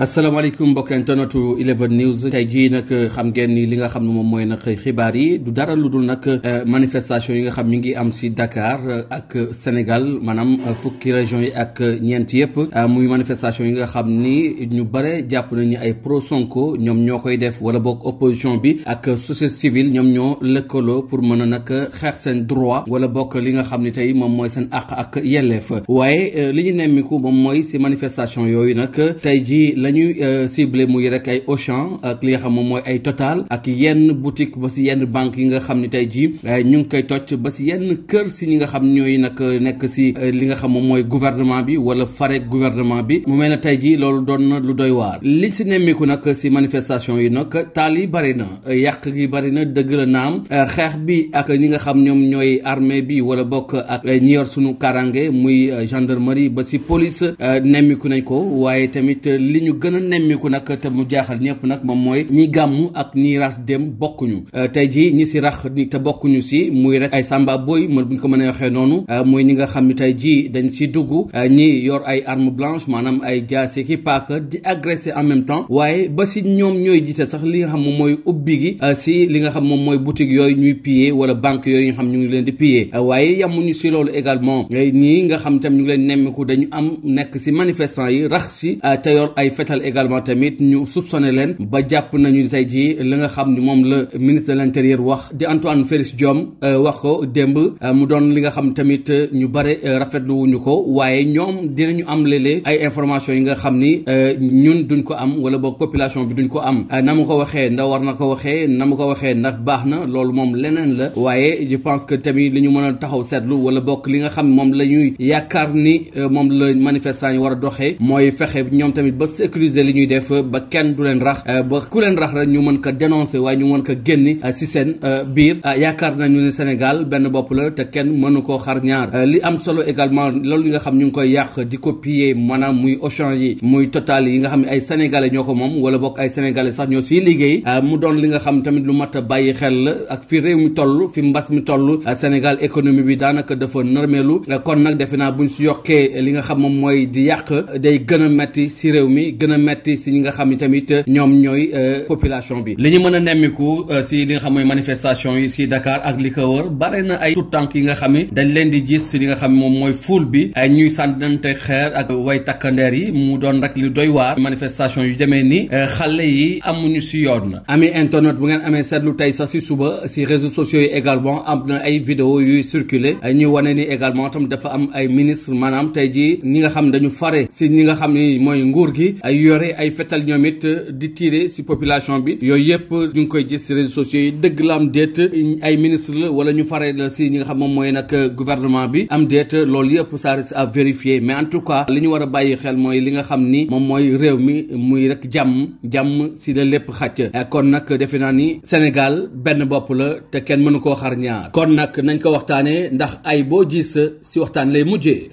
asalaamaaleykum mbokk internetu 11 news tey jii nag xam ngeen ni li nga xam ne moom mooy nag xibaar yi du dara lu dul nag euh, manifestation yi nga xam mi ngi am si Dakar ak Sénégal maanaam euh, fukki régions yi ak ñeent yëpp euh, muy manifestation yi nga xam ni ñu bare jàpp nañu ay pro ñoom ñoo koy def wala bokk opposition bi ak société civile ñoom ñoo lëkkaloo pour mën a nag xeex seen droit wala bokk li nga xam ni tey moom mooy seen àq ak yelleef waaye li ñu nemmiku moom mooy si manifestation yooyu nag tey jii la ñuy euh, muy rek ay Auchan ak li moom mooy ay Total ak yenn boutique ba si yenn banque yi nga xam ni tey jii euh, ñu ngi koy toj ba si yenn kër si ñi nga xam ñooy nag euh, nekk si li nga xam moom mooy gouvernement bi wala fare gouvernement bi mu mel ne tey jii loolu doon na lu doy waar liñ si nemmiku nag si manifestation yi nag taal yi bëri na yàq gi bëri na dëgg la naam xeex bi ak ñi nga xam ñoom ñooy armée bi wala bokk ak ñi yor sunu karange muy gendarmerie ba si police nemmiku nañ ko waaye tamit li ñu gën a nemmiku nag te mu jaaxal ñëpp nag moom mooy ñi gàmm ak ñi ras dem bokkuñu euh, tey jii ñi si rax ni te bokkuñu si muy rek ay samba booy boy mën buñ ko mën a waxee noonu euh, mooy ñi nga xam ne jii dañ si dugg euh, ñi yor ay arme blanche maanaam ay jaase ki paaka di agressé en même temps waaye ba si ñoom ñooy jiite sax li nga xam moom mooy ubbi gi si li nga xam moom mooy boutique yooyu ñuy piller wala banque yooyu ñu xam ñu ngi leen di piller waaye yamuñu si loolu également ñi nga xam tam ñu ngi leen nemmiku dañu am nekk si manifestant yi rax si te yor ay fet rafetal également tamit ñu soupçonné leen ba jàpp nañu tey jii li nga xam ni moom la ministre de l' intérieur wax di Antoine Félix Diome euh, wax ko démb euh, mu doon li nga xam tamit euh, ñu bare rafetlu wuñu ko waaye ñoom dinañu am léeg-léeg ay information yi nga xam ni ñun duñ ko am wala boog population bi duñ ko am na mu ko waxee ndax war na ko waxee na mu ko waxee ndax baax na loolu moom leneen la waaye je pense que tamit li ñu mën a taxaw seetlu wala bokk li nga xam moom la ñuy yaakaar ni moom la manifestant war a sécuriser li ñuy def ba kenn du leen rax euh, ba ku leen rax rek ñu mën ko dénoncer waaye ñu mën ko génni euh, si seen euh, biir yaakaar nañu ne Sénégal benn bopp la te kenn mënu koo xar ñaar li am solo également loolu li nga xam ñu ngi koy yàq di ko piller maanaam muy Auchan yi muy Total yi nga xam ne ay sénégalais ñoo ko moom wala bokk ay sénégalais sax ñoo siy liggéey mu doon li nga xam tamit lu mat a bàyyi xel la ak fi réew mi toll fi mbas mi toll Sénégal économie bi daanaka dafa nërmeelu kon nag defe naa buñ si yokkee li nga xam moom mooy di yàq day a mi gën a metti si ñi nga xam ni tamit ñoom ñooy euh, bi li ñu mën a nemmiku euh, li nga xam mooy manifestation yi si Dakar ak li ko wër bare na tànk yi nga xam ni dañ leen di si li nga xam moom mooy fuul bi ay ñuy sànnante xeer ak way takkandeer yi mu doon rek lu doy waar manifestation yu demee ni euh, xale yi amuñu si yoon na ami internet bu ngeen amee seetlu tey sax si suba si réseaux sociaux yi également am na ay vidéo yuy circuler ñu wane ni également tam dafa am ay ministre maanaam tey ji ñi nga xam dañu fare si ñi nga xam ni mooy nguur gi ay yore ay fetal ñoom it euh, di tirer si population bi yooyu yëpp ñu ngi koy gis si réseaux sociaux yi dëgg la am déet ay ministre la wala ñu fare la si ñi nga xam moom mooy nag euh, guvernement bi am déet loolu yëpp ça reste à vérifier mais en tout cas li ñu war a bàyyi xel mooy li nga xam ni moom mooy réew mi muy rek jàmm jàmm si la lépp xàcc kon nag defe naa ni Sénégal benn bopp la te kenn mënu koo xar ñaar kon nag nañ ko waxtaanee ndax ay boo gis si waxtaan lay mujjee